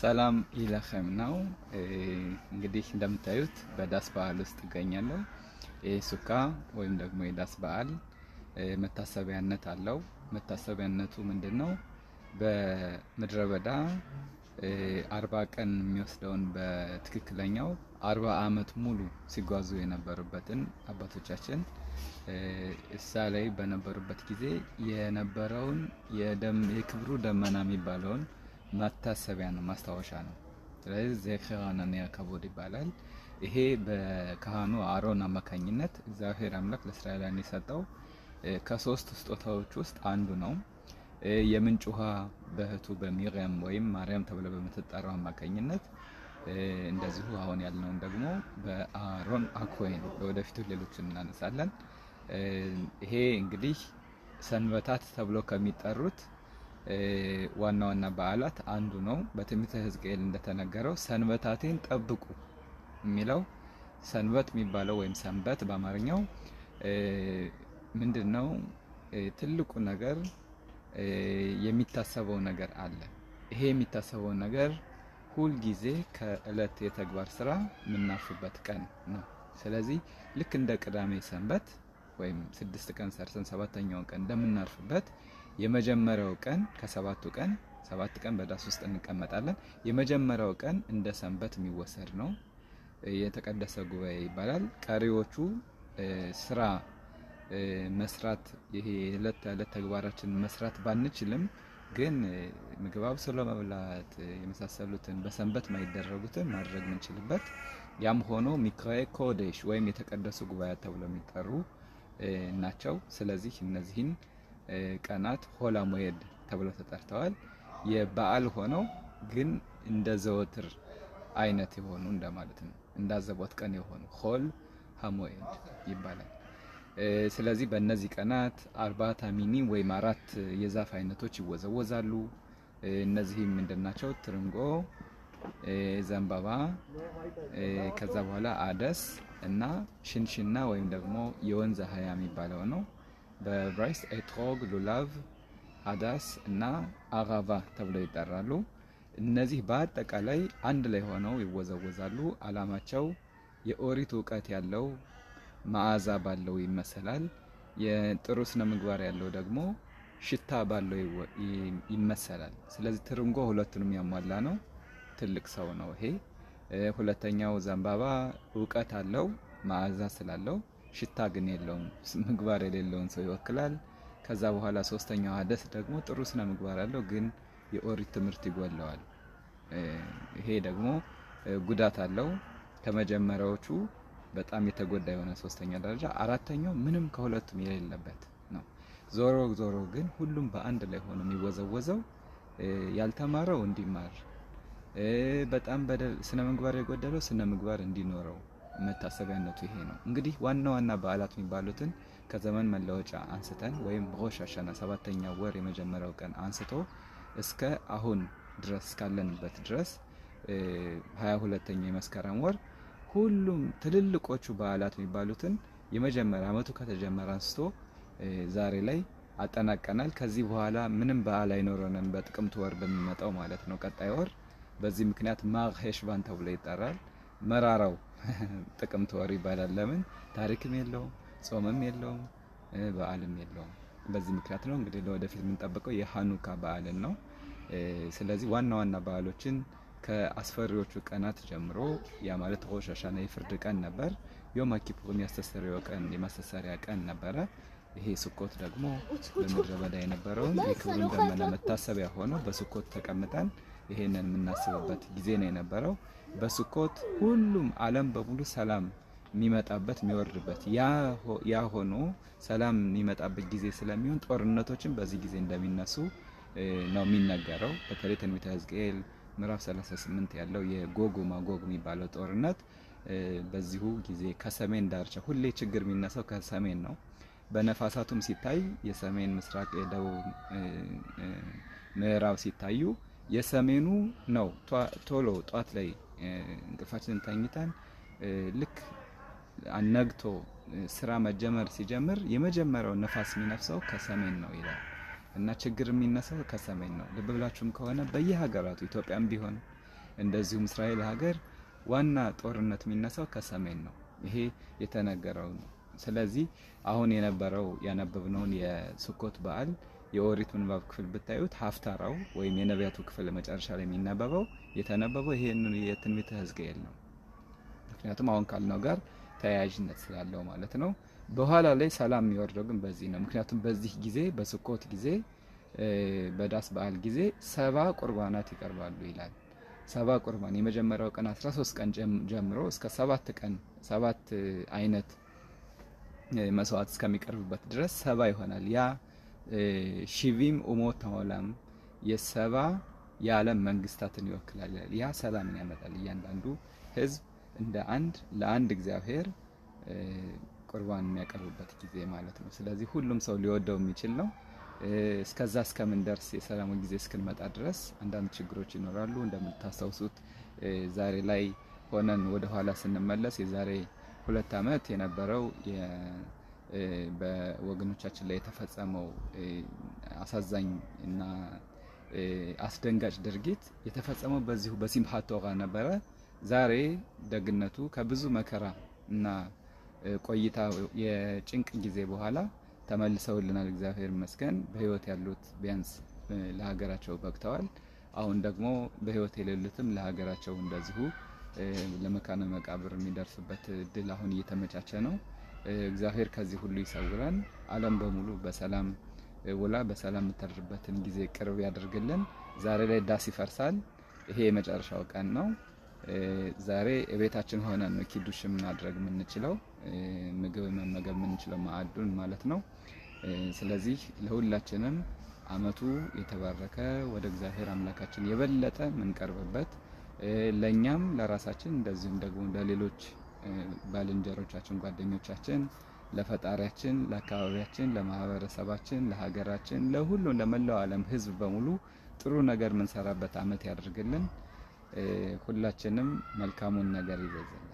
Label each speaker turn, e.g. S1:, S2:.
S1: ሰላም ይለኸም ነው። እንግዲህ እንደምታዩት በዳስ በዓል ውስጥ እገኛለሁ። ይህ ሱካ ወይም ደግሞ የዳስ በዓል መታሰቢያነት አለው። መታሰቢያነቱ ምንድን ነው? በምድረ በዳ አርባ ቀን የሚወስደውን በትክክለኛው አርባ አመት ሙሉ ሲጓዙ የነበሩበትን አባቶቻችን እሳ ላይ በነበሩበት ጊዜ የነበረውን የክብሩ ደመና የሚባለውን ማታሰቢያ ነው፣ ማስታወሻ ነው። ስለዚህ ዘኪር ሃናንያ ከቦድ ይባላል። ይሄ በካህኑ አሮን አማካኝነት እግዚአብሔር አምላክ ለእስራኤላን የሰጠው ከሶስት ስጦታዎች ውስጥ አንዱ ነው። የምንጭ ውሃ በእህቱ በሚሪያም ወይም ማርያም ተብለ በምትጠራው አማካኝነት እንደዚሁ አሁን ያልነውን ደግሞ በአሮን አኮይን ወደፊቱ ሌሎችን እናነሳለን። ይሄ እንግዲህ ሰንበታት ተብሎ ከሚጠሩት ዋና ዋና በዓላት አንዱ ነው። በትንቢተ ሕዝቅኤል እንደተነገረው ሰንበታቴን ጠብቁ የሚለው ሰንበት የሚባለው ወይም ሰንበት በአማርኛው ምንድን ነው? ትልቁ ነገር የሚታሰበው ነገር አለ። ይሄ የሚታሰበው ነገር ሁል ጊዜ ከእለት የተግባር ስራ የምናርፍበት ቀን ነው። ስለዚህ ልክ እንደ ቅዳሜ ሰንበት ወይም ስድስት ቀን ሰርተን ሰባተኛውን ቀን እንደምናርፍበት የመጀመሪያው ቀን ከሰባቱ ቀን ሰባት ቀን በዳስ ውስጥ እንቀመጣለን። የመጀመሪያው ቀን እንደ ሰንበት የሚወሰድ ነው፣ የተቀደሰ ጉባኤ ይባላል። ቀሪዎቹ ስራ መስራት ይሄ የዕለት ተዕለት ተግባራችን መስራት ባንችልም ግን ምግብ አብስሎ መብላት የመሳሰሉትን በሰንበት ማይደረጉትን ማድረግ የምንችልበት ያም ሆኖ ሚካኤ ኮዴሽ ወይም የተቀደሱ ጉባኤ ተብሎ የሚጠሩ ናቸው። ስለዚህ እነዚህን ቀናት ሆላ ሞሄድ ተብለው ተጠርተዋል። የበዓል ሆነው ግን እንደ ዘወትር አይነት የሆኑ እንደማለት ነው። እንዳዘቦት ቀን የሆኑ ሆል ሀሞኤድ ይባላል። ስለዚህ በእነዚህ ቀናት አርባታ ሚኒ ወይም አራት የዛፍ አይነቶች ይወዘወዛሉ። እነዚህም ምንድናቸው? ትርንጎ፣ ዘንባባ፣ ከዛ በኋላ አደስ እና ሽንሽና ወይም ደግሞ የወንዝ አህያ የሚባለው ነው። በብራይስ ኤትሮግ፣ ሉላቭ፣ አዳስ እና አራቫ ተብለው ይጠራሉ። እነዚህ በአጠቃላይ አንድ ላይ ሆነው ይወዘወዛሉ። አላማቸው የኦሪት እውቀት ያለው መዓዛ ባለው ይመሰላል። የጥሩ ስነ ምግባር ያለው ደግሞ ሽታ ባለው ይመሰላል። ስለዚህ ትርንጎ ሁለቱንም ያሟላ ነው። ትልቅ ሰው ነው ይሄ። ሁለተኛው ዘንባባ እውቀት አለው መዓዛ ስላለው ሽታ ግን የለውም። ምግባር የሌለውን ሰው ይወክላል። ከዛ በኋላ ሶስተኛው ደስ ደግሞ ጥሩ ስነ ምግባር አለው፣ ግን የኦሪት ትምህርት ይጎለዋል። ይሄ ደግሞ ጉዳት አለው። ከመጀመሪያዎቹ በጣም የተጎዳ የሆነ ሶስተኛ ደረጃ፣ አራተኛው ምንም ከሁለቱም የሌለበት ነው። ዞሮ ዞሮ ግን ሁሉም በአንድ ላይ ሆኖ የሚወዘወዘው ያልተማረው እንዲማር፣ በጣም ስነ ምግባር የጎደለው ስነ ምግባር እንዲኖረው መታሰቢያነቱ ይሄ ነው። እንግዲህ ዋና ዋና በዓላት የሚባሉትን ከዘመን መለወጫ አንስተን ወይም በሆሽ አሻና ሰባተኛ ወር የመጀመሪያው ቀን አንስቶ እስከ አሁን ድረስ እስካለንበት ድረስ ሀያ ሁለተኛ የመስከረም ወር ሁሉም ትልልቆቹ በዓላት የሚባሉትን የመጀመሪያ አመቱ ከተጀመረ አንስቶ ዛሬ ላይ አጠናቀናል። ከዚህ በኋላ ምንም በዓል አይኖረንም፣ በጥቅምት ወር በሚመጣው ማለት ነው። ቀጣይ ወር በዚህ ምክንያት ማግ ሄሽቫን ተብሎ ይጠራል። መራራው ጥቅምት ወር ይባላል። ለምን ታሪክም የለውም፣ ጾምም የለውም፣ በዓልም የለውም። በዚህ ምክንያት ነው እንግዲህ ለወደፊት የምንጠብቀው የሀኑካ በዓልን ነው። ስለዚህ ዋና ዋና በዓሎችን ከአስፈሪዎቹ ቀናት ጀምሮ ያ ማለት ሮሽ የፍርድ ቀን ነበር። ዮም ኪፑርም ያስተሰሪው ቀን የማስተሰሪያ ቀን ነበረ። ይሄ ስኮት ደግሞ በምድረ በዳ የነበረውን የክብሩን ደመና መታሰቢያ ሆኖ በስኮት ተቀምጠን ይሄንን የምናስብበት ጊዜ ነው የነበረው። በስኮት ሁሉም ዓለም በሙሉ ሰላም የሚመጣበት የሚወርድበት ያ ሆኖ ሰላም የሚመጣበት ጊዜ ስለሚሆን ጦርነቶችን በዚህ ጊዜ እንደሚነሱ ነው የሚነገረው። በተለይ ትንቢተ ሕዝቅኤል ምዕራፍ 38 ያለው የጎጉ ማጎግ የሚባለው ጦርነት በዚሁ ጊዜ ከሰሜን ዳርቻ ሁሌ ችግር የሚነሳው ከሰሜን ነው። በነፋሳቱም ሲታይ የሰሜን ምስራቅ፣ የደቡብ ምዕራብ ሲታዩ የሰሜኑ ነው። ቶሎ ጧት ላይ እንቅልፋችንን ተኝተን ልክ አነግቶ ስራ መጀመር ሲጀምር የመጀመሪያው ነፋስ የሚነፍሰው ከሰሜን ነው ይላል እና ችግር የሚነሳው ከሰሜን ነው። ልብ ብላችሁም ከሆነ በየሀገራቱ ኢትዮጵያም ቢሆን እንደዚሁም እስራኤል ሀገር ዋና ጦርነት የሚነሳው ከሰሜን ነው። ይሄ የተነገረው ነው። ስለዚህ አሁን የነበረው ያነበብነውን የሱኮት በዓል የኦሪት ምንባብ ክፍል ብታዩት ሀፍታራው ወይም የነቢያቱ ክፍል መጨረሻ ላይ የሚነበበው የተነበበው ይህን የትንቢተ ሕዝቅኤል ነው። ምክንያቱም አሁን ካልነው ጋር ተያያዥነት ስላለው ማለት ነው። በኋላ ላይ ሰላም የሚወርደው ግን በዚህ ነው። ምክንያቱም በዚህ ጊዜ በስኮት ጊዜ በዳስ በዓል ጊዜ ሰባ ቁርባናት ይቀርባሉ ይላል። ሰባ ቁርባን የመጀመሪያው ቀን 13 ቀን ጀምሮ እስከ ሰባት ቀን ሰባት አይነት መስዋዕት እስከሚቀርብበት ድረስ ሰባ ይሆናል ያ ሺቪም ኡሞተ ዓለም የሰባ የዓለም መንግስታትን ይወክላል። ያ ሰላምን ያመጣል። እያንዳንዱ ህዝብ እንደ አንድ ለአንድ እግዚአብሔር ቁርባን የሚያቀርብበት ጊዜ ማለት ነው። ስለዚህ ሁሉም ሰው ሊወደው የሚችል ነው። እስከዛ እስከምንደርስ የሰላሙ ጊዜ እስክንመጣ ድረስ አንዳንድ ችግሮች ይኖራሉ። እንደምታስታውሱት ዛሬ ላይ ሆነን ወደ ኋላ ስንመለስ የዛሬ ሁለት ዓመት የነበረው በወገኖቻችን ላይ የተፈጸመው አሳዛኝ እና አስደንጋጭ ድርጊት የተፈጸመው በዚሁ በሲምሃት ቶራ ነበረ። ዛሬ ደግነቱ ከብዙ መከራ እና ቆይታ የጭንቅ ጊዜ በኋላ ተመልሰውልናል። እግዚአብሔር ይመስገን። በህይወት ያሉት ቢያንስ ለሀገራቸው በቅተዋል። አሁን ደግሞ በህይወት የሌሉትም ለሀገራቸው እንደዚሁ ለመካነ መቃብር የሚደርሱበት እድል አሁን እየተመቻቸ ነው። እግዚአብሔር ከዚህ ሁሉ ይሰውረን። ዓለም በሙሉ በሰላም ውላ በሰላም የምታድርበትን ጊዜ ቅርብ ያደርግልን። ዛሬ ላይ ዳስ ይፈርሳል። ይሄ የመጨረሻው ቀን ነው። ዛሬ ቤታችን ሆነ ነው ኪዱሽ ማድረግ የምንችለው ምግብ መመገብ የምንችለው ማዕዱን ማለት ነው። ስለዚህ ለሁላችንም አመቱ የተባረከ ወደ እግዚአብሔር አምላካችን የበለጠ የምንቀርብበት ለኛም ለራሳችን እንደዚሁም ደግሞ ለሌሎች ባልንጀሮቻችን፣ ጓደኞቻችን፣ ለፈጣሪያችን፣ ለአካባቢያችን፣ ለማህበረሰባችን፣ ለሀገራችን፣ ለሁሉ ለመላው ዓለም ህዝብ በሙሉ ጥሩ ነገር ምንሰራበት አመት ያደርግልን። ሁላችንም መልካሙን ነገር ይዘዘን።